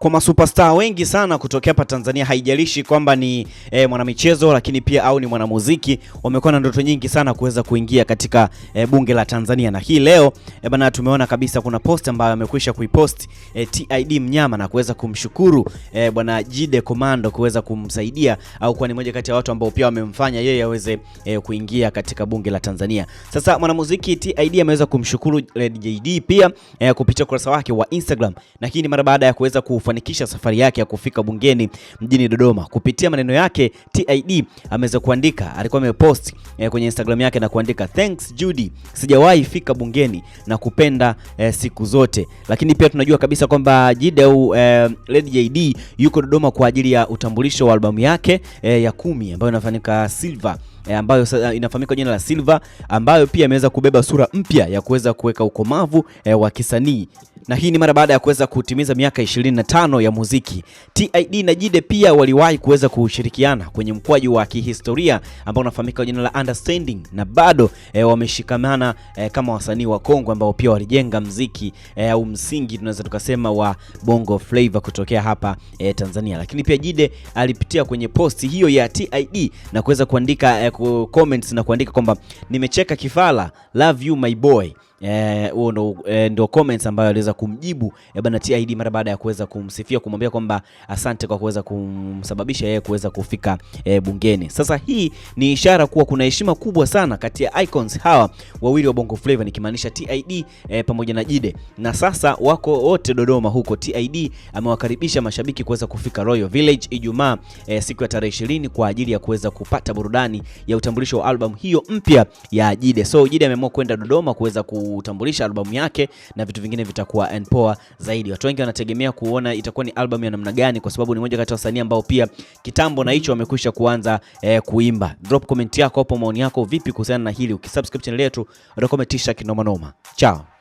kwa masuperstar wengi sana kutokea hapa Tanzania, haijalishi kwamba ni e, mwanamichezo lakini pia au ni mwanamuziki, wamekuwa na ndoto nyingi sana kuweza kuingia katika e, bunge la Tanzania, na hii leo e, bana tumeona kabisa kuna post ambayo amekwisha kuipost e, TID Mnyama na kuweza kumshukuru e, bwana Jide Komando kuweza kumsaidia au kuwa ni moja kati ya watu ambao pia wamemfanya yeye aweze e, kuingia katika bunge la Tanzania. Sasa mwanamuziki TID ameweza kumshukuru Red JD pia e, kupitia ukurasa wake wa Instagram, na hii ni mara baada ya kuweza ku kufanikisha safari yake ya kufika bungeni mjini Dodoma. Kupitia maneno yake, TID ameweza kuandika, alikuwa amepost eh, kwenye Instagram yake na kuandika thanks Judy, sijawahi fika bungeni na kupenda eh, siku zote. Lakini pia tunajua kabisa kwamba Jideu eh, Lady JD yuko Dodoma kwa ajili ya utambulisho wa albamu yake eh, ya kumi ambayo inafanyika Silver E, ambayo eh, inafahamika jina la Silver ambayo pia imeweza kubeba sura mpya ya kuweza kuweka ukomavu e, wa kisanii na hii ni mara baada ya kuweza kutimiza miaka 25 ya muziki. TID na Jide pia waliwahi kuweza kushirikiana kwenye mkwaju wa kihistoria ambao unafahamika kwa jina la Understanding, na bado e, wameshikamana e, kama wasanii wa Kongo ambao pia walijenga mziki eh, au msingi tunaweza tukasema wa Bongo Flava kutokea hapa e, Tanzania. Lakini pia Jide alipitia kwenye posti hiyo ya TID na kuweza kuandika e, comments na kuandika kwamba nimecheka kifala, love you my boy Eh, huo e, ndo, e, ndo comments ambayo aliweza kumjibu e, eh, bana TID mara baada ya kuweza kumsifia kumwambia kwamba asante kwa kuweza kumsababisha yeye kuweza kufika e, bungeni. Sasa hii ni ishara kuwa kuna heshima kubwa sana kati ya icons hawa wawili wa Bongo Flava nikimaanisha TID e, pamoja na Jide, na sasa wako wote Dodoma huko. TID amewakaribisha mashabiki kuweza kufika Royal Village Ijumaa e, siku ya tarehe 20 kwa ajili ya kuweza kupata burudani ya utambulisho wa album hiyo mpya ya Jide. So Jide ameamua kwenda Dodoma kuweza ku kutambulisha albamu yake na vitu vingine vitakuwa poa zaidi. Watu wengi wanategemea kuona itakuwa ni albamu ya namna gani, kwa sababu ni moja kati ya wasanii ambao pia kitambo na hicho wamekwisha kuanza eh, kuimba. Drop comment yako hapo, maoni yako vipi kuhusiana na hili? Ukisubscribe channel yetu utakometisha kinomanoma Chao.